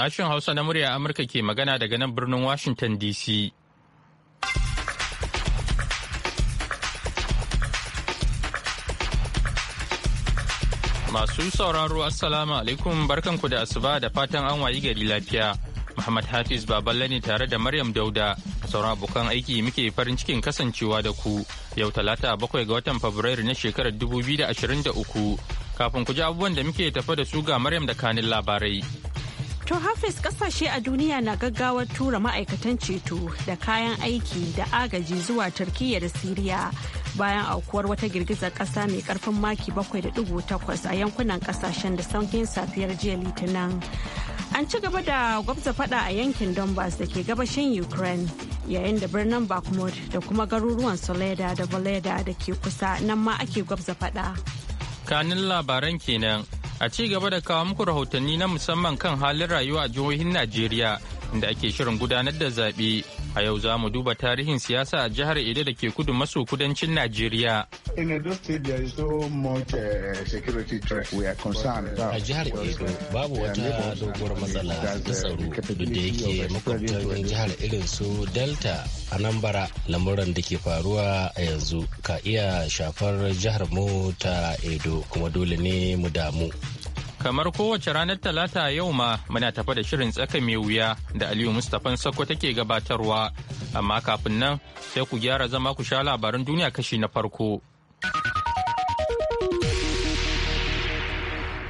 Sashen Hausa na murya Amurka ke magana daga nan birnin Washington DC. Masu sauraro Assalamu alaikum barkanku da asuba da fatan an wayi gari lafiya. Muhammad Hafiz Baballe ne tare da Maryam Dauda sauran abokan aiki muke farin cikin kasancewa da ku yau talata bakwai ga watan Fabrairu na shekarar 2023 kafin ku ji abubuwan da muke tafa da su ga Maryam da kanin labarai. To Hafiz kasashe a duniya na gaggawar tura ma'aikatan ceto da kayan aiki da agaji zuwa Turkiyya da Siriya bayan aukuwar wata girgizar kasa mai karfin maki 7.8 a yankunan kasashen da saukin safiyar jiya Litinin. An ci gaba da gwabza fada a yankin Donbass da ke gabashin Ukraine yayin da birnin Bakhmut da kuma garuruwan Soleda da valeda da ke kusa nan ma ake gwabza fada. Kanin labaran kenan a ci gaba da kawo muku rahotanni na musamman kan halin rayuwa a jihohin Najeriya inda ake shirin gudanar da zaɓe. A yau za mu duba tarihin siyasa a jihar Edo da ke kudu maso kudancin Najeriya. Eh, a jihar Edo babu wata doguwar matsala ta eh, tsaro da yake makwabtan jihar irin su Delta, a nan bara. lamuran da ke faruwa a yanzu ka iya shafar jihar mu ta Edo kuma dole ne mu damu. Kamar kowace ranar Talata yau ma muna tafa da shirin tsaka mai wuya da Aliyu Mustapha Sako take gabatarwa, amma kafin nan sai ku gyara zama ku sha labaran duniya kashi na farko.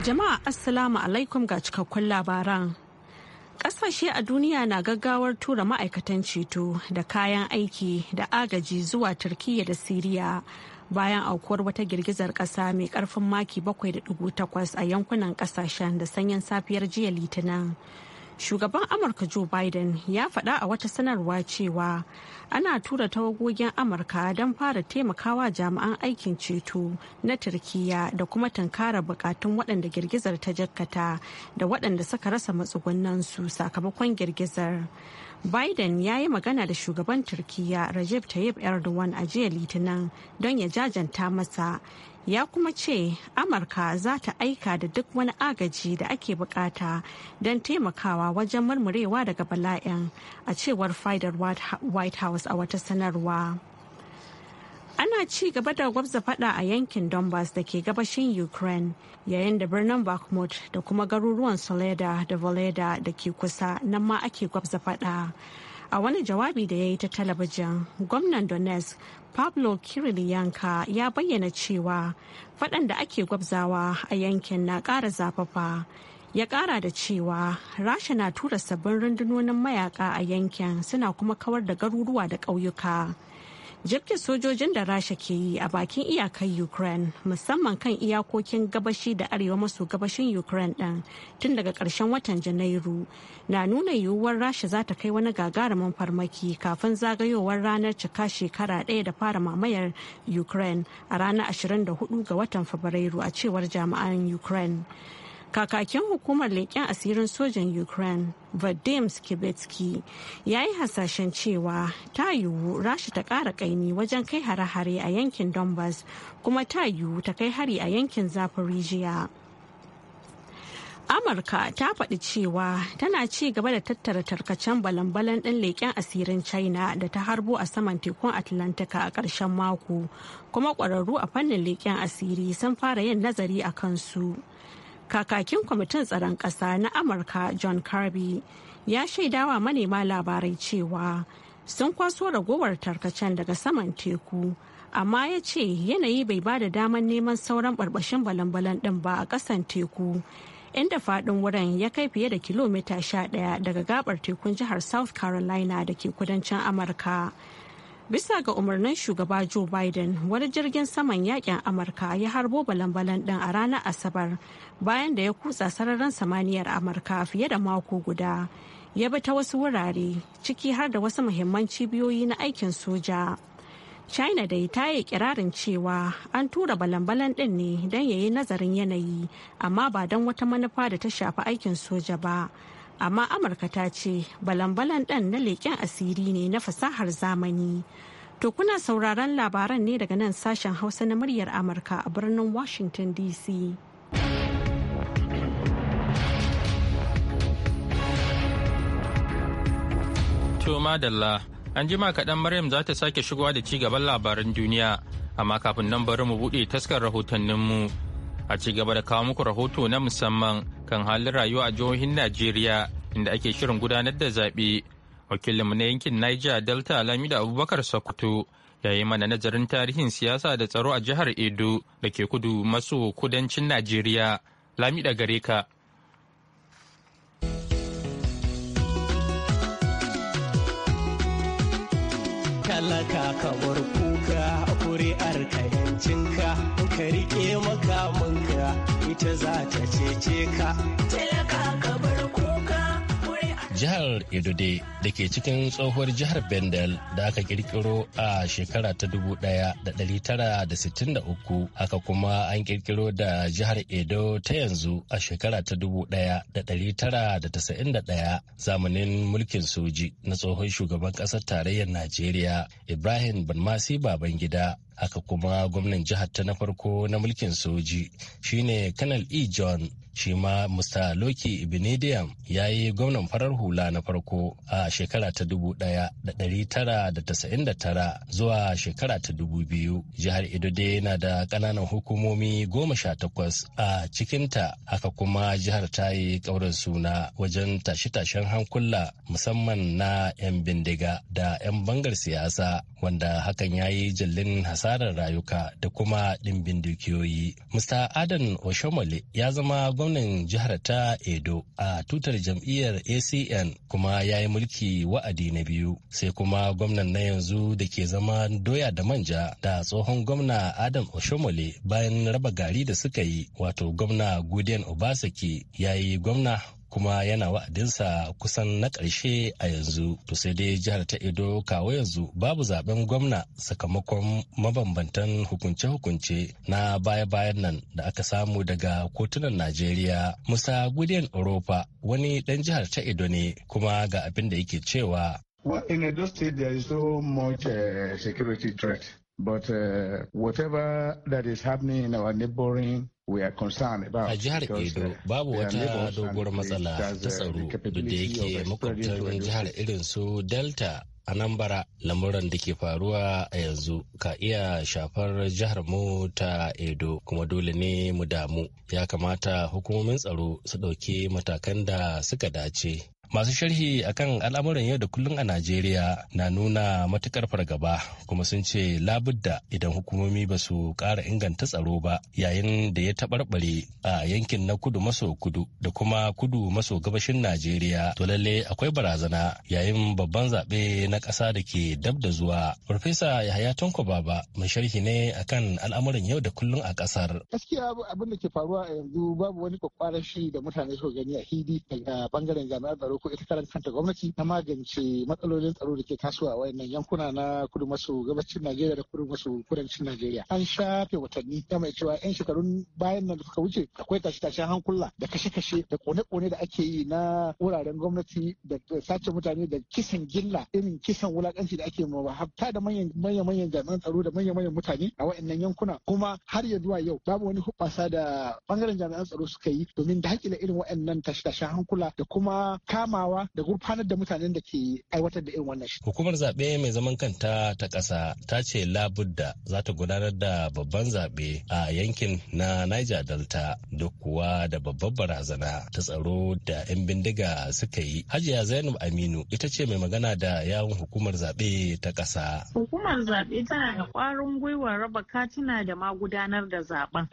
Jama'a Assalamu alaikum ga cikakkun labaran. Ƙasashe a duniya na gaggawar tura ma'aikatan ceto da kayan aiki da agaji zuwa Turkiyya da Siriya bayan aukuwar wata girgizar kasa mai karfin maki 7.8 a yankunan kasashen da sanyin safiyar jiya litinin shugaban amurka joe biden ya faɗa a wata sanarwa cewa ana tura tawagogin amurka don fara taimakawa jami'an aikin ceto na turkiya da kuma tunkara bukatun waɗanda girgizar ta jakkata da waɗanda suka rasa su sakamakon girgizar Biden ya yi magana da shugaban Turkiyya Recep Tayyip Erdogan a jiya Litinin don ya jajanta masa. Ya kuma ce Amurka za ta aika da duk wani agaji da ake bukata don taimakawa wajen murmurewa daga bala'in a cewar fadar White House a wata sanarwa. ana ci gaba da gwabza fada a yankin donbass da ke gabashin ukraine yayin da birnin bakhmut da kuma garuruwan soleda da voleda da ke kusa nan ma ake gwabza fada a wani jawabi da ya yi ta talabijin gwamnan donetsk pablo kiriliyanka ya bayyana cewa fadan da ake gwabzawa a yankin na kara zafafa ya kara da cewa rasha na tura sabbin rundunonin mayaka a yankin suna kuma kawar da garuruwa da ƙauyuka. jirgin sojojin da rasha ke yi a bakin iyakar ukraine musamman kan iyakokin gabashi da arewa maso gabashin ukraine ɗin tun daga ƙarshen watan janairu na nuna yiwuwar rasha za ta kai wani gagarumin farmaki kafin zagayowar ranar cika shekara ɗaya da fara mamayar ukraine a ranar 24 ga watan fabrairu a cewar jami'an ukraine kakakin hukumar leƙen asirin sojan ukraine vadim skibetsky ya yi hasashen cewa ta yiwu rasha ta ƙara ƙaimi wajen kai hare-hare a yankin donbass kuma ta yiwu ta kai hari a yankin zaporizhia amurka ta faɗi cewa tana ci gaba da tattara tarkacen balan-balan ɗin leƙen asirin china da ta harbo a saman tekun atlantika a ƙarshen mako kuma ƙwararru a fannin leƙen asiri sun fara yin nazari a kansu. kakakin kwamitin tsaron ƙasa na amurka john kirby ya shaidawa manema labarai cewa sun kwaso ragowar tarkacen daga saman teku amma ya ce yanayi bai ba da damar neman sauran barbashin balan-balan din ba a ƙasan teku inda faɗin wurin ya kai fiye da kilomita 11 daga gabar tekun jihar south carolina da ke kudancin amurka bisa ga umarnin shugaba joe biden wani jirgin saman yakin amurka ya harbo balan-balan din a ranar asabar bayan da ya kutsa sararin samaniyar amurka fiye da mako guda ya bi ta wasu wurare ciki har da wasu muhimman cibiyoyi na aikin soja china dai ta yi kirarin cewa an tura balan-balan din ne don yi nazarin yanayi amma ba don wata manufa da ta shafi aikin soja ba amma amurka ta ce balan-balan ɗan na leƙen asiri ne na fasahar zamani to kuna sauraron labaran ne daga nan sashen hausa na muryar amurka a birnin washington dc to madalla an jima kaɗan maryam za ta sake shigowa da ci gaban labaran duniya amma kafin nan bari mu buɗe taskar rahotanninmu a ci gaba da kawo muku rahoto na musamman kan halin rayuwa a jihohin Najeriya inda ake shirin gudanar da zaɓe. Wakilinmu na yankin Niger Delta Lamida Abubakar Sokoto ya yi mana nazarin tarihin siyasa da tsaro a jihar Edo da ke kudu maso kudancin Najeriya. Lamida gare ka. Talaka kamar kuka, kuri'ar ka yancinka, ka riƙe makamanka. ita za ta cece ka. Talaka ka jihar Edode da ke cikin tsohuwar jihar Bendel da aka kirkiro a shekara ta 1963 haka kuma an kirkiro da jihar Edo ta yanzu a shekara ta 1991 zamanin mulkin soji na tsohon shugaban ƙasar tarayyar Najeriya Ibrahim Banmasi Babangida aka kuma gwamnan jihar ta na farko na mulkin soji shine Kanal E. John shi ma mr loki ibinidiyam ya yi gwamnan farar hula na farko a shekara ta 1999 zuwa shekara ta 2000 jihar edo dai yana da ƙananan hukumomi goma sha takwas a cikinta haka kuma jihar ta yi ƙaurin suna wajen tashe-tashen hankula musamman na 'yan bindiga da 'yan bangar siyasa wanda hakan ya yi jallin hasarar rayuka da kuma ɗimbin dukiyoyi mr adan oshomole ya zama gwamnan gwamnan jihar ta Edo a tutar jam'iyyar ACN kuma ya yi mulki wa'adi na biyu. Sai kuma gwamnan na yanzu da ke zama doya da manja da tsohon gwamna Adam Oshomole bayan raba gari da suka yi wato gwamna Guden obasaki ya yi gwamna kuma yana wa'adinsa kusan na ƙarshe a yanzu to sai dai jihar ta edo kawo yanzu babu zaben gwamna sakamakon mabambantan hukunce-hukunce na baya-bayan nan da aka samu daga kotunan najeriya musa gudiyan europa wani ɗan jihar ta edo ne kuma ga abin da yake cewa Well, in State, there is eh, But uh, whatever that is happening in our neighboring A jihar Edo uh, babu wata doguwar matsala ta uh, tsaro duk da yake makwabtarin jihar irin su Delta a nan bara lamuran da ke faruwa a yanzu ka iya shafar jihar mu ta Edo kuma dole ne mu damu ya kamata hukumomin tsaro su ɗauki matakan da suka dace. masu sharhi akan al'amuran yau da kullum a najeriya na nuna matukar fargaba kuma sun ce labudda idan hukumomi ba su kara inganta tsaro ba yayin da ya taɓarɓare a yankin na kudu maso kudu da kuma kudu maso gabashin najeriya to lalle akwai barazana yayin babban zaɓe na ƙasa da ke dab da zuwa farfesa yahaya tanko baba mai sharhi ne akan al'amuran yau da kullum a ƙasar gaskiya abin da ke faruwa a yanzu babu wani kwakwaran shiri da mutane suka gani a hidi daga bangaren jami'ar tsaro ko ita karan kanta gwamnati na magance matsalolin tsaro da ke kasuwa a wayannan yankuna na kudu maso gabacin Najeriya da kudu maso kudancin Najeriya. An shafe watanni ta mai cewa 'yan shekarun bayan nan da suka wuce akwai tashe-tashen hankula da kashe-kashe da kone-kone da ake yi na wuraren gwamnati da sace mutane da kisan gilla irin kisan wulakanci da ake mawa hafta da manyan-manyan jami'an tsaro da manyan-manyan mutane a wayannan yankuna kuma har ya zuwa yau babu wani hubbasa da bangaren jami'an tsaro suka yi domin dakile irin wayannan tashe-tashen hankula da kuma kama kamawa da gurfanar da mutanen da ke aiwatar da irin wannan shi. Hukumar zaɓe mai zaman kanta ta ƙasa ta ce labudda za ta gudanar da babban zaɓe a yankin na Niger Delta duk kuwa da babbar barazana ta tsaro da 'yan bindiga suka yi. Hajiya Zainab Aminu ita ce mai magana da yawun hukumar zaɓe ta ƙasa. Hukumar zaɓe tana da ƙwarin gwiwar raba katina da ma gudanar da zaɓen.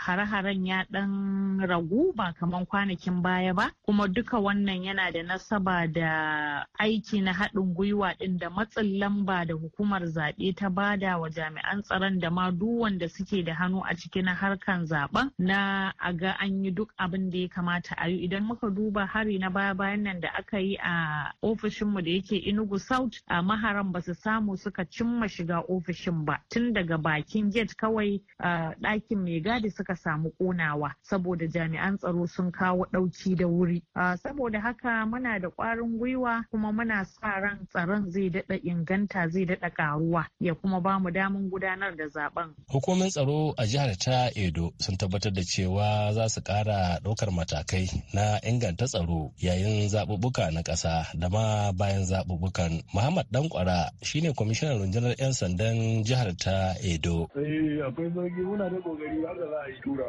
Hare-haren ya ɗan ragu ba kamar kwanakin baya ba kuma duka wannan wannan yana da nasaba da aiki na haɗin gwiwa ɗin da matsin lamba da hukumar zaɓe ta bada wa jami'an tsaron da ma duk wanda suke da hannu a cikin harkan zaɓen na a ga an yi duk abin da ya kamata a yi idan muka duba hari na baya bayan nan da aka yi a ofishinmu da yake inugu south a maharan ba su samu suka cimma shiga ofishin ba tun daga bakin gate kawai ɗakin mai gadi suka samu ƙonawa saboda jami'an tsaro sun kawo ɗauki da wuri saboda saboda haka muna da ƙwarin gwiwa kuma muna sa ran tsaron zai daɗa inganta zai daɗa ƙaruwa ya kuma ba mu damun gudanar da zaben. Hukumin tsaro a jihar ta Edo sun tabbatar da cewa za su ƙara ɗaukar matakai na inganta tsaro yayin zaɓuɓɓuka na ƙasa da ma bayan zaɓuɓɓukan. Muhammad Dankwara shine kwamishinan rundunar 'yan sandan jihar ta Edo. Eh, akwai zargi muna da kokari da za a yi tura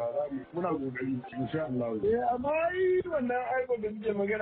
muna kokari insha Allah. Eh amma wannan da muke magana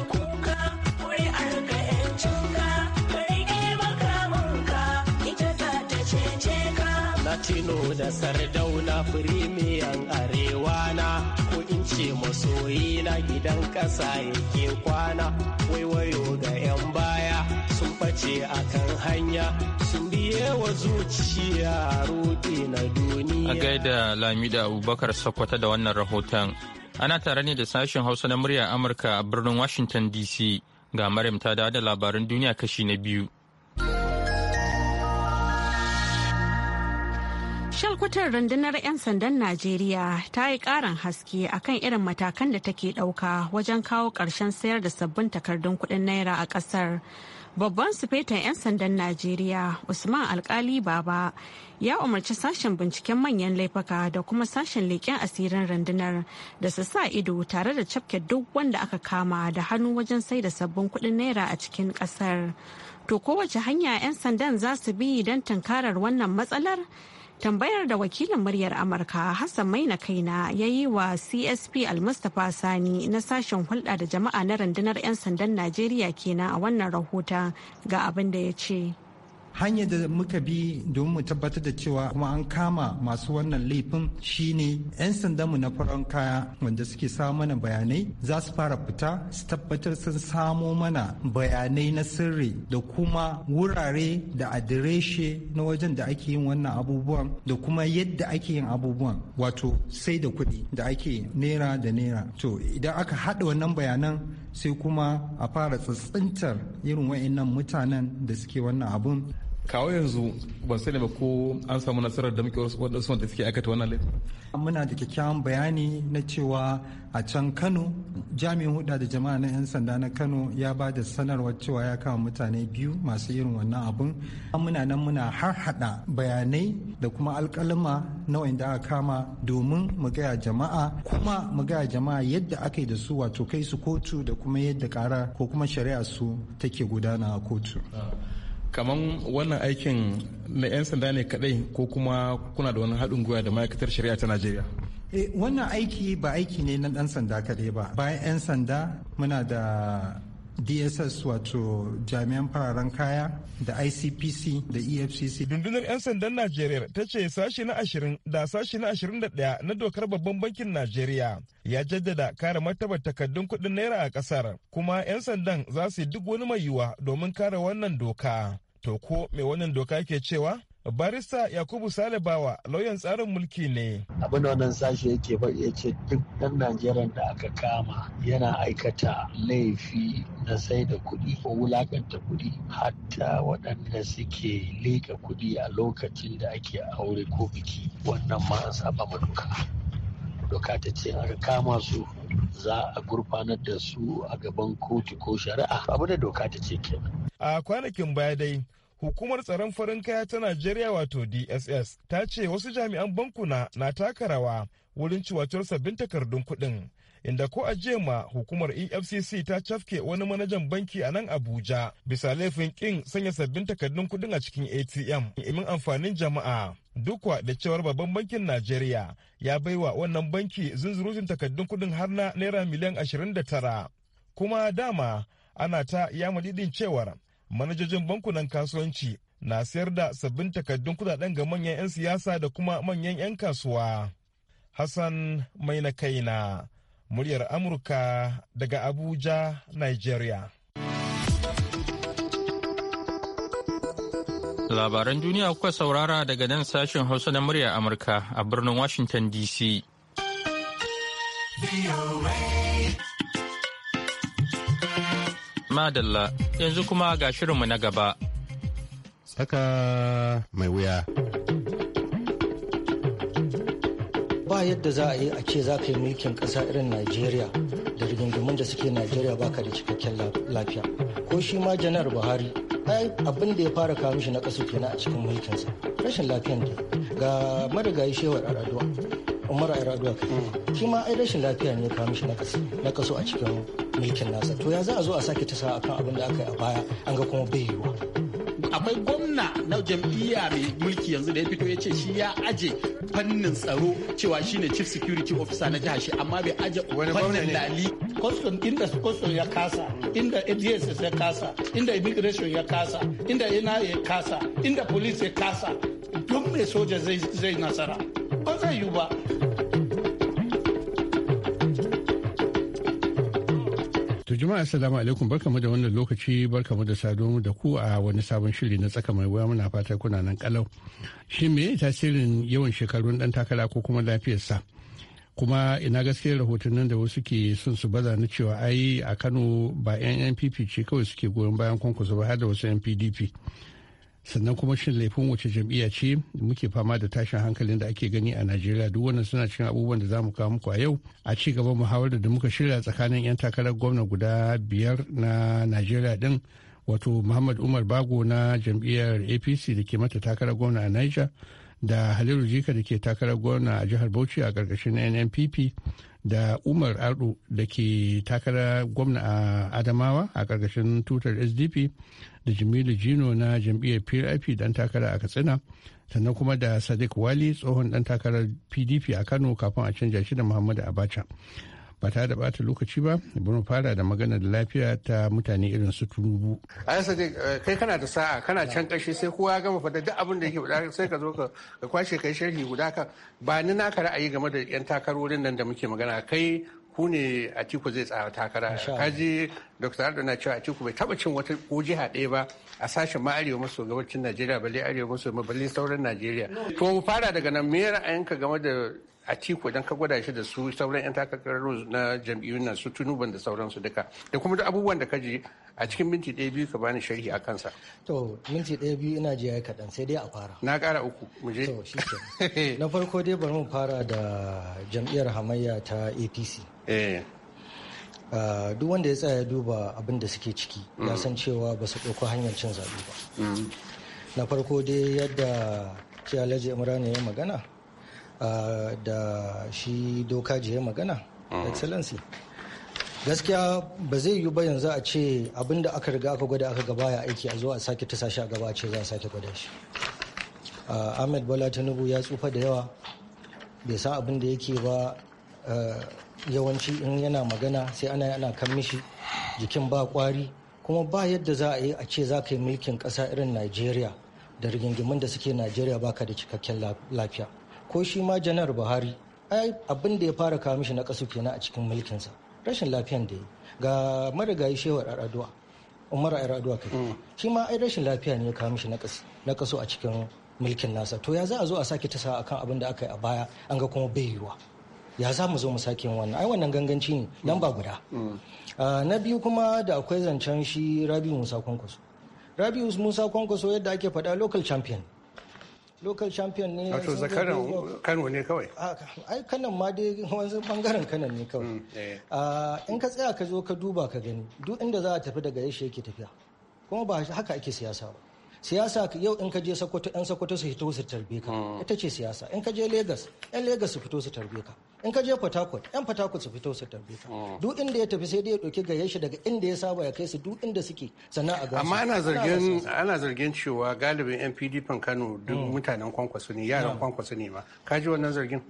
Tino da Sardauna firimiyan arewa na ko in ce masoyi na gidan ƙasa yake kwana waiwayo ga 'yan baya sun face a kan hanya sun biye wa zuciya rudi na duniya. A gaida Lamida Abubakar Sokoto da wannan rahoton ana tare ne da sashen Hausa na murya Amurka a birnin Washington DC ga Maryam ta da labaran duniya kashi na biyu. Shalkwatar rundunar 'yan sandan Najeriya ta yi ƙarin haske akan irin matakan da take ɗauka wajen kawo ƙarshen sayar da sabbin takardun kuɗin naira a ƙasar. Babban sufetan 'yan sandan Najeriya Usman Alkali Baba ya umarci sashen binciken manyan laifuka da kuma sashen leƙen asirin rundunar da su sa ido tare da cafke duk wanda aka kama da hannu wajen sai da sabbin kuɗin naira a cikin ƙasar. To kowace hanya 'yan sandan za su bi don tunkarar wannan matsalar? tambayar da wakilin muryar amurka hassan maina kaina ya yi wa csp almustapha sani na sashen hulɗa da jama'a na rundunar 'yan sandan najeriya kenan a wannan rahoton ga abin da ya ce hanyar da muka bi domin mu tabbatar da cewa kuma an kama masu wannan laifin shine 'yan sandanmu na farin kaya wanda suke samu mana bayanai za su fara fita su tabbatar sun samo mana bayanai na sirri da kuma wurare da adireshe na wajen da ake yin wannan abubuwan da kuma yadda ake yin abubuwan wato sai da kuɗi da ake nera da nera. to idan aka haɗa wannan bayanan sai kuma a fara tsatsintar irin wa'annan mutanen da suke wannan abun kawo yanzu ban sani ba ko an samu nasarar da muke wasu wanda suke aikata wannan laifin. muna da kyakkyawan bayani na cewa a can kano jami'in huda da jama'a na 'yan sanda na kano ya ba da sanarwar cewa ya kama mutane biyu masu irin wannan abun muna nan muna har hada bayanai da kuma alkalama na wanda aka kama domin mu gaya jama'a kuma mu gaya jama'a yadda aka yi da su wato kai su kotu da kuma yadda kara ko kuma shari'a su take gudana a kotu. Ah. kamar wannan aikin na 'yan sanda ne kadai ko kuma kuna da wani haɗin gwiwa da ma'aikatar shari'a ta najeriya eh, wannan aiki ba aiki ne na ɗan sanda kadai ba bayan 'yan sanda muna da dss wato jami'an fararen kaya da icpc da efcc dundunar 'yan sandan najeriya ta ce sashi na ashirin da sashi na ɗaya na dokar babban bankin najeriya ya jaddada kare martabar takardun kuɗin naira a ƙasar kuma 'yan sandan za su yi duk wani mai yiwuwa domin kare wannan doka to ko mai wannan doka ke cewa barista yakubu salibawa lauyan tsarin mulki ne abin wannan sashe yake bari ya ce duk ɗan najeriya da aka kama yana aikata laifi na sai da kuɗi ko wulakanta kuɗi hatta waɗanda suke leƙa kuɗi a lokacin da ake aure ko biki wannan ma an saba ma doka doka ta ce aka kama su za a gurfanar da su a gaban kotu ko shari'a abu da doka ta ce kenan a kwanakin baya dai Hukumar tsaron farin kaya ta Najeriya wato DSS ta ce wasu jami'an bankuna na taka rawa wurin ciwatar sabbin takardun kuɗin. Inda ko a ma hukumar EFCC ta cafke wani manajan banki a nan Abuja bisa laifin kin sanya sabbin takardun kuɗin a cikin ATM imin amfanin jama'a. Dukwa da cewar babban bankin Najeriya ya baiwa wannan banki zunzurutun takardun kuɗin har na naira miliyan 29. Kuma dama ana ta yamadidin cewar manajojin bankunan kasuwanci na sayar da sabbin takardun kudaden ga manyan 'yan siyasa da kuma manyan 'yan kasuwa. Hassan mai na kai na muryar Amurka daga Abuja, Nigeria. Labaran duniya kuka saurara daga nan sashen Hausa na muryar Amurka a birnin Washington DC. Madalla. Yanzu kuma ga shirinmu na gaba. Tsaka mai wuya. Ba yadda za a yi a ce za ka yi mulkin ƙasa irin Najeriya da rigingimun da suke Najeriya ka da cikakken lafiya. Ko shi ma janar Buhari ai abin da ya fara kawo shi na ƙasa kenan a cikin mulkinsa rashin lafiyan ne ga marigayi shewar Aradua, umar kai shi ma ai rashin lafiya ne kawo shi na ƙasa a cikin mulkin nasa to ya za a zo a sake tasa akan abin da aka yi a baya an ga kuma bai yiwuwa akwai gwamna na jam'iyya mai mulki yanzu da ya fito ya ce shi ya aje fannin tsaro cewa shine chief security officer na jihar shi amma bai aje fannin lali custom inda custom ya kasa inda dss ya kasa inda immigration ya kasa inda ina ya kasa inda police ya kasa duk mai soja zai nasara ba zai yiwu ba jama'a assalamu alaikum barkamu da wannan lokaci barkamu da sado da ku a wani sabon shiri na tsaka mai wuya muna fata kuna nan kalau shi me tasirin yawan shekarun dan takara ko kuma lafiyarsa kuma ina gaskiyar rahotannin da wasu ke son su baza na cewa ai a Kano ba yan NPP ce kawai suke goyon bayan kwankwaso ba har da wasu NPDP sannan kuma shin laifin wace jam'iyya ce muke fama da tashin hankalin da ake gani a najeriya duk wannan suna cikin abubuwan da za mu kawo muku a yau a ci gaban muhawarar da muka shirya tsakanin 'yan takarar gwamna guda biyar na najeriya din wato muhammad umar bago na jam'iyyar apc da ke mata takarar gwamna a niger da haliru jika da ke takarar gwamna a jihar bauchi a ƙarƙashin nnpp da umar ardu da ke takarar gwamna a adamawa a ƙarƙashin tutar sdp da jimilu jino na jam'iyyar pdp dan takara a katsina sannan kuma da sadiq wali tsohon dan takarar pdp a kano kafin a canja shi da muhammadu abacha ba ta da bata lokaci ba bari fara da magana da lafiya ta mutane irin su a ai sadiq eh, kai kana da sa'a kana can kashi sai kowa gama fada duk abin da yake faɗa sai ka zo ka kwashe kai sharhi guda ka ba ni naka ra'ayi game da yan takarorin nan da muke magana kai ku ne Atiku zai tsaya takara Ka ji Dr. Ardo na cewa Atiku bai taba cin wata ko jiha ɗaya ba a sashen ma arewa maso gabacin Najeriya balle arewa maso balle sauran Najeriya to mu fara daga nan me ra'ayinka game da Atiku idan ka gwada shi da su sauran 'yan takarar na jam'iyyun nan su tunuban da sauransu duka da kuma duk abubuwan da ka ji a cikin minti ɗaya biyu ka bani sharhi a kansa. To minti ɗaya biyu ina jiya kaɗan sai dai a fara. Na ƙara uku mu je. To shi Na farko dai bari mu fara da jam'iyyar hamayya ta APC. eh ah, duk wanda ya tsaya duba abin da suke ciki ya mm. san cewa ba su ɗauko hanyar cin zaɓe ba mm. na farko dai yadda shi alhaji imran ya magana ah, da shi doka dokaji ya magana mm. excellency gaskiya ba zai yi ba yanzu a ce abin da aka riga aka gwada aka gaba ya aiki a zo a sake ta shi a gaba a ce za a sake gwada shi ah, ahmed bola tinubu ya tsufa da yawa bai san abin da yake ba yawanci in yana magana sai ana ana kan mishi jikin ba kwari kuma ba yadda za a yi a ce za ka yi mulkin ƙasa irin najeriya da rigingimin da suke najeriya baka da cikakken lafiya ko shi ma janar buhari ai abin da ya fara kawo mishi na kasu kenan a cikin mulkinsa rashin lafiyan da ya ga marigayi shewar araduwa umar araduwa kai mm. shi ma ai rashin lafiya ne ya kawo mishi na kasu a cikin mulkin nasa to ya za a zo a sake tasa akan abin da aka yi a baya an ga kuma bai yiwa ya za mu zo mu sake wannan ai wannan ganganci ne nan mm. ba guda mm. ah, na biyu kuma da akwai zancen shi Rabi musa kwankwaso Rabi musa kwankwaso yadda ake faɗa local champion local champion ne wato zakaran kano ne kawai ah, ai kanan ma dai wani bangaren kanan ne kawai mm, eh. ah, in ka tsaya ka zo ka duba ka gani duk inda za a tafi daga yashi yake tafiya kuma ba haka ake siyasa ba siyasa yau in ka je sokoto yan sokoto su fito su tarbe ka hmm. ita ce siyasa in ka je lagos yan lagos su fito su tarbe ka in ka je port harcourt yan port harcourt su fito su tarbe ka hmm. duk inda ya tafi sai dai ya dauki gayyar shi daga inda ya saba ya kai su duk inda suke sannan a amma ana zargin ana zargin cewa galibin NPD fan kano duk hmm. mutanen kwankwaso ne yaran kwankwaso ne ma ka ji wannan zargin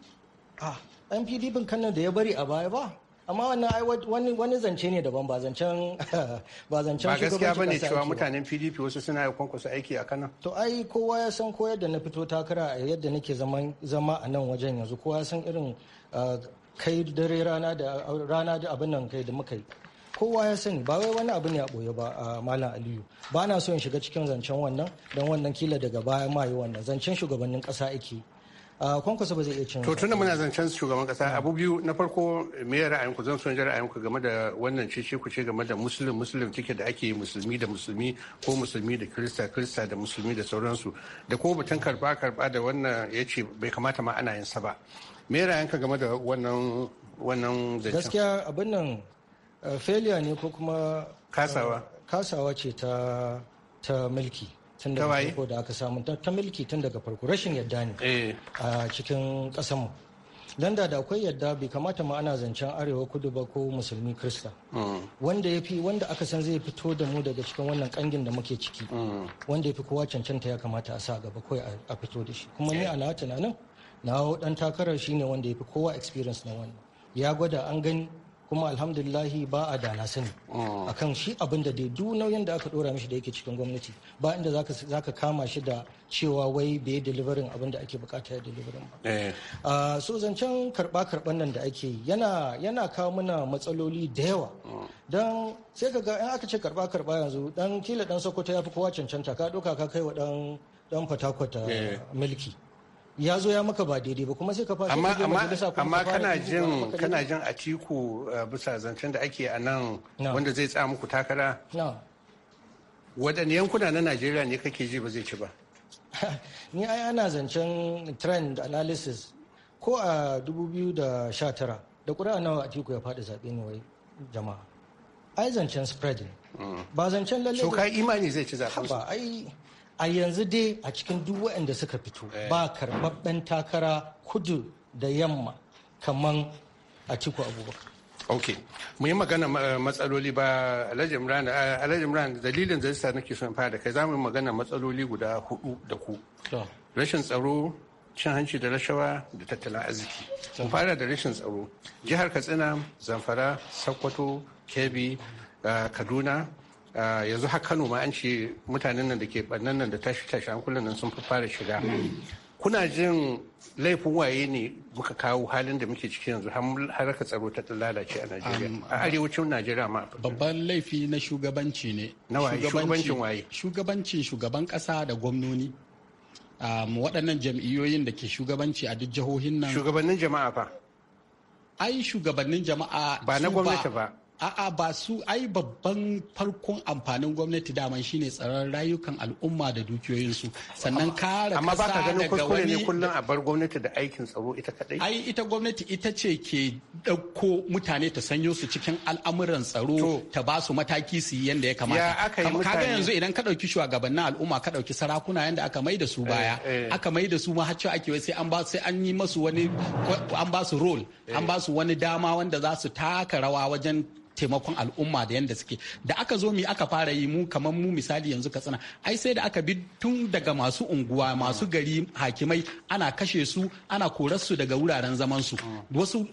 a NPD fan kano da ya bari a baya ba amma wannan ai wani wani zance ne daban ba zancen ba zancen shugabanci ba gaskiya bane cewa mutanen PDP wasu suna yi kwankwaso aiki a kanan to ai kowa ya san koyar da na fito takara a yadda nake zama zama a nan wajen yanzu kowa ya san irin ah, kai dare rana da rana da abin nan kai da muka yi kowa ya sani ba wai wani abu ne a boye ba a ah, malam aliyu ba na so in shiga cikin zancen wannan don wannan kila daga baya ma wannan zancen shugabannin kasa ake kwankwaso ba zai iya cin to tunda muna zancen shugaban kasa abu biyu na farko me ra'ayin ku zan so ji ra'ayin ku game da wannan cece ku ce game da musulun musulun cike da ake musulmi da musulmi ko musulmi da krista krista da musulmi da sauransu da ko batun karba karba da wannan ya ce bai kamata ma ana yin sa ba me ra'ayin ka game da wannan wannan zancen gaskiya abin nan eh, failure ne ko kuma kasawa eh, kasawa ce ta ta mulki tun daga farko da aka samu ta milki tun daga farko rashin yadda ne eh. a cikin kasanmu landa da akwai yadda bai kamata ma ana zancen arewa kudu ba ko musulmi krista mm. wanda ya fi wanda aka san zai fito da mu daga cikin wannan kangin da muke ciki mm. wanda ya fi kowa cancanta ya kamata a sa gaba kawai a fito da shi kuma ni eh. a na tunanin na dan takarar shine wanda ya fi kowa experience na wannan ya gwada an gani kuma alhamdulillahi ba a dana sani mm. kan shi abin da dai nauyin da aka dora mishi da yake cikin gwamnati ba inda za ka kama shi da cewa wai bai deliverin abin da ake bukata ya deliverin ba eh. ah, so zancen karba karban nan da ake yi yana yana kawo mana matsaloli da yawa mm. Don sai ka ga in aka ce karba karba yanzu dan kila dan sokoto ya fi kowa cancanta ka doka ka kai wa dan dan fatakwata eh. mulki ya zo ya maka ba daidai ba kuma sai ka fashe amma amma kana jin kana jin a ciku eh, bisa zancen da ake a nan wanda zai tsaya muku takara waɗanne yankuna na najeriya ne kake ji ba zai ci ba ni ai ana zancen trend analysis ko a 2019 da ƙuri'a nawa a tiku ya faɗi zaɓe ne wai jama'a ai zancen spreading mm. ba zancen lalle so ka imani zai ci zaɓe ba ai a yanzu dai a cikin duk waɗanda suka fito eh. ba karɓaɓɓen takara kudu da yamma kamar a ciku abubakar ok mu yi magana matsaloli ba alhaji imran eh, dalilin da nake son fara da kai za mu yi magana matsaloli guda hudu da ku rashin tsaro cin hanci da rashawa da tattalin arziki mu fara da rashin tsaro jihar katsina zamfara sokoto kebbi eh, kaduna yanzu haka kano ma an ce mutanen nan da ke bannan nan da tashi tashi hankulan nan sun fara shiga kuna jin laifin waye ne muka kawo halin da muke ciki yanzu har aka tsaro ta lalace a najeriya a arewacin najeriya ma babban laifi na shugabanci ne shugabancin waye shugabancin shugaban kasa da gwamnoni waɗannan jam'iyyoyin da ke shugabanci a duk jihohin nan shugabannin jama'a fa ai shugabannin jama'a ba na gwamnati ba a'a ba su ai babban farkon amfanin gwamnati daman shine tsaron rayukan al'umma da dukiyoyinsu sannan kare amma ba ka gani kuskure ne kullum a bar gwamnati da aikin tsaro ita kadai ai ita gwamnati ita ce ke dauko mutane ta sanyo su cikin al'amuran tsaro ta ba su mataki su yi yanda ya kamata kaga yanzu idan ka dauki shugabannin al'umma ka dauki sarakuna yanda aka mai da su eh, baya eh. aka mai da su ma har ake wai sai an ba sai an yi masu wani an ba su role an eh. ba su wani dama wanda za su taka rawa wajen taimakon al'umma da yadda suke da aka zo mi aka fara yi mu kamar mu misali yanzu katsina ai sai da aka bi tun daga masu unguwa masu gari hakimai ana kashe su ana korar su daga wuraren zaman su wasu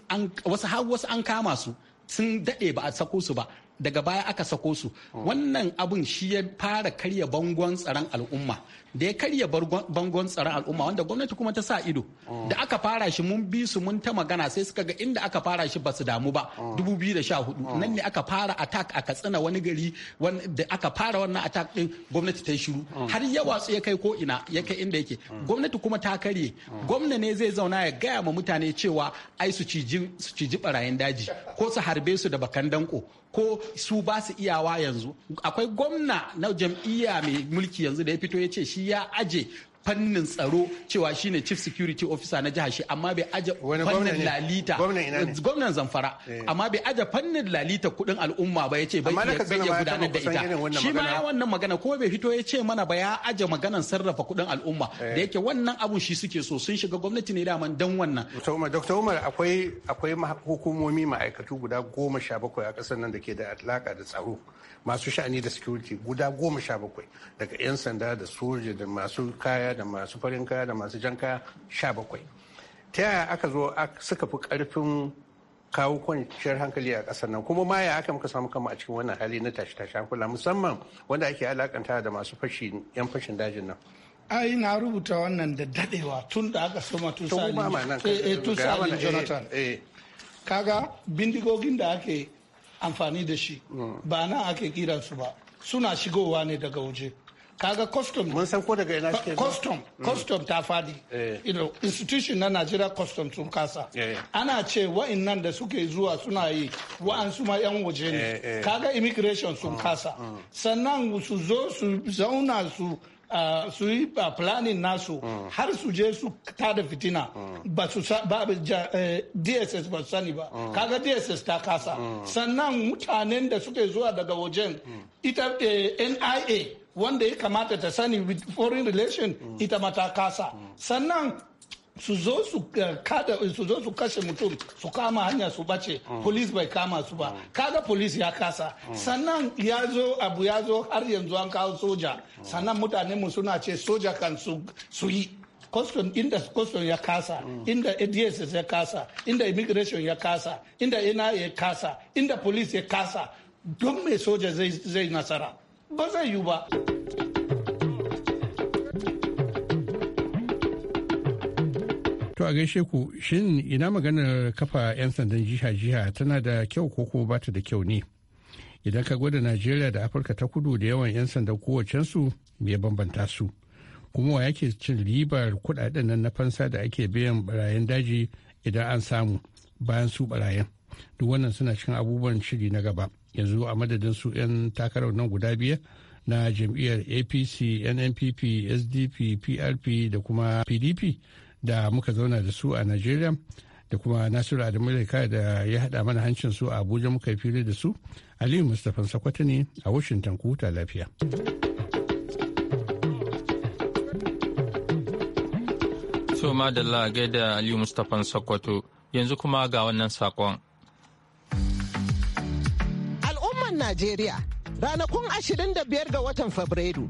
har wasu an kama su sun dade ba a sako su ba daga baya aka sako su oh. wannan abun shi ya fara karya bangon tsaron al'umma da ya karya bangon tsaron al'umma wanda gwamnati kuma ta sa ido da aka fara shi mun bi su mun ta magana sai suka ga inda aka fara shi ba su damu ba 2014 ah. ah. nan ne aka fara attack a katsina wani gari da aka fara wannan attack din gwamnati ta yi shiru ah. har yawa su ya kai ko ina ya kai inda yake gwamnati kuma ta karye gwamna ne zai zauna ya gaya ma mutane cewa ai su ciji barayin daji ko su harbe su da bakan danko ko su ba su iyawa yanzu akwai gwamna na jam'iyya mai mulki yanzu da ya fito ya ce shi shi ya aje fannin tsaro cewa shine chief security officer na jihar shi eh. amma bai aje fannin lalita gwamnan zamfara amma bai aje fannin lalita kudin al'umma ba yace bai iya gudanar da ita shi ma ya wannan magana ko bai fito ya ce mana ba ya aje maganan sarrafa kudin al'umma da eh. yake wannan abun shi suke so sun shiga gwamnati ne daman dan wannan Dr. Umar akwai akwai hukumomi ma'aikatu guda goma sha bakwai a kasar nan da ke da alaka da tsaro masu sha'ani da security guda goma sha bakwai daga 'yan sanda da soja da masu kaya da masu farin kaya da masu jan kaya sha bakwai ta yaya aka zo suka fi karfin kawo kwanciyar hankali a ƙasar nan kuma ma ya aka muka samu kama a cikin wannan hali na tashi tashi hankula musamman wanda ake alakanta da masu fashi yan fashin dajin nan ai na rubuta wannan da dadewa tun da aka soma tun salin eh, eh, eh, jonathan kaga bindigogin da ake amfani da shi ba nan ake su ba suna shigowa ne daga waje kaga custom mun san ko daga ina suke custom mm. custom ta fadi eh. you know institution na Najeriya custom sun kasa eh. ana ce wa'annan da suke zuwa suna yi wa'ansu ma yan waje ne eh, kaga immigration sun ah, kasa ah. sannan su zo su zauna su su yi planning nasu har su je su tada fitina ba su ba eh, dss ba su sani ba kaga dss ta kasa sannan mutanen da suke zuwa daga wajen ita eh, nia wanda ya kamata ta sani with foreign relation ita ma kasa sannan su zo su eh, kada su zo su kashe mutum su kama hanya su bace mm. police bai kama su ba mm. kaga police ya kasa mm. sannan ya zo abu ya zo har yanzu an kawo soja sannan mutane mu suna ce soja kan su yi inda custom ya kasa inda dss ya kasa inda immigration ya kasa inda ina ya kasa inda police ya kasa don mai soja zai nasara ba zai yi ba To a gaishe ku shin ina maganar kafa 'yan sandan jiha-jiha tana da kyau ko kuma bata da kyau ne? Idan ka gwada Najeriya da Afirka ta kudu da yawan 'yan sanda kowacensu me bambanta su? Kuma wa yake cin ribar kudaden nan na fansa da ake biyan barayin daji idan an samu bayan su barayin? Duk wannan suna cikin abubuwan shiri na gaba. Yanzu a madadin su 'yan takarar nan guda biyar na jam'iyyar APC, NNPP, SDP, PRP da kuma PDP da muka zauna da su a najeriya da kuma nasiru adamu laika da ya haɗa mana hancin su a abuja muka fili da su aliyu mustapha sakwata ne a washington kuta lafiya so madalla gaida aliyu mustapha sakwato yanzu kuma ga wannan sakon al'umman najeriya ranakun 25 ga watan fabrairu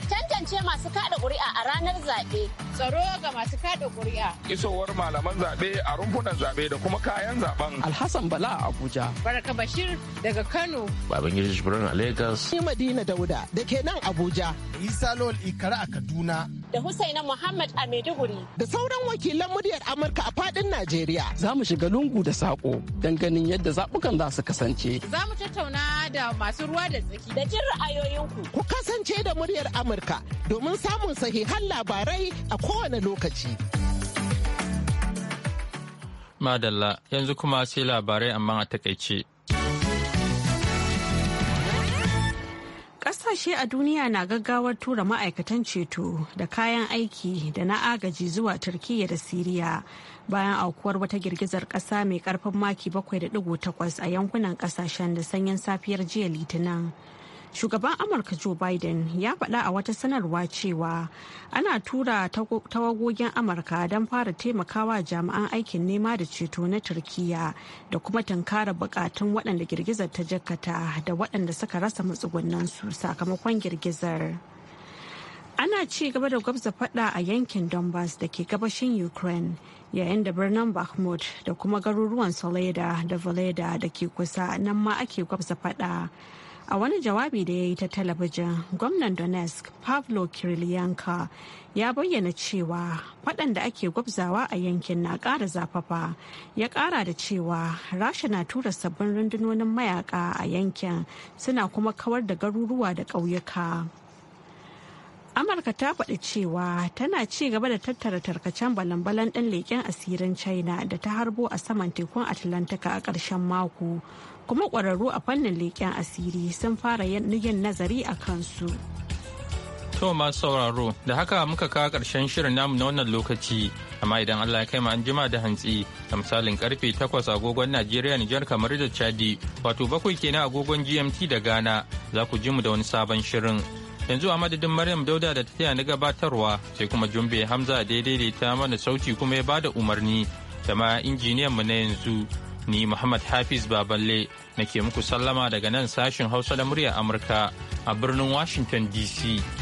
magance masu kada kuri'a a ranar zaɓe. Tsaro ga masu kada ƙuri'a. Isowar malaman zaɓe a rumfunan zaɓe da kuma kayan zaɓen. Alhassan Bala a Abuja. Baraka Bashir daga Kano. Babangida Jibrin a Lagos. Ni Madina Dauda da ke nan Abuja. Isa Lol Ikara a Kaduna. da Husaina Muhammad a Maiduguri. Da sauran wakilan muryar Amurka a fadin Najeriya. Za mu shiga lungu da saƙo don ganin yadda zaɓukan za su kasance. Za mu tattauna da masu ruwa da tsaki da jin ra'ayoyinku. Ku kasance da muryar Amurka domin samun sahihan labarai a kowane lokaci. Madalla yanzu kuma sai labarai amma a takaice. Ƙasashe a duniya na gaggawar tura ma'aikatan ceto da kayan aiki da na agaji zuwa Turkiyya da Siriya bayan aukuwar wata girgizar ƙasa mai ƙarfin maki 7.8 a yankunan ƙasashen da sanyin safiyar jiya Litinin. Shugaban Amurka Joe Biden ya faɗa a wata sanarwa cewa ana tura tawagogin Amurka don fara taimakawa jami'an aikin nema da ceto na Turkiya da kuma tunkara bukatun waɗanda girgizar ta jakata da waɗanda suka rasa matsugunansu sakamakon girgizar. ana ci gaba da gwabza fada a yankin donbass da ke gabashin ukraine yayin da birnin bakhmut da kuma garuruwan soleda da valeda da ke kusa nan ma ake gwabza fada a wani jawabi da ya yi ta talabijin gwamnan donetsk pavlo kirilyanka ya bayyana cewa waɗanda ake gwabzawa a yankin na ƙara zafafa ya ƙara da cewa rasha na tura sabbin rundunonin mayaka a yankin suna kuma kawar da garuruwa da ƙauyuka amurka ta faɗi cewa tana ci gaba da tattara tarkacen balan-balan ɗin leƙen asirin china da ta harbo a saman tekun atlantika a ƙarshen mako kuma ƙwararru a fannin leƙen asiri sun fara yin nazari a kansu to ma sauraro da haka muka kawo ƙarshen shirin namu na wannan lokaci amma idan allah ya kai an jima da hantsi da misalin karfe 8 agogon najeriya nijar kamar da chadi wato bakwai kenan agogon gmt da ghana za ku ji mu da wani sabon shirin yanzu a madadin maryam dauda da ta taya na gabatarwa sai kuma jumbe hamza daidai da ta daidaita mana sauti kuma ya bada umarni da ma injiniyan mu na yanzu ni muhammad hafiz baballe nake muku sallama daga nan sashin hausa da murya amurka a birnin washington dc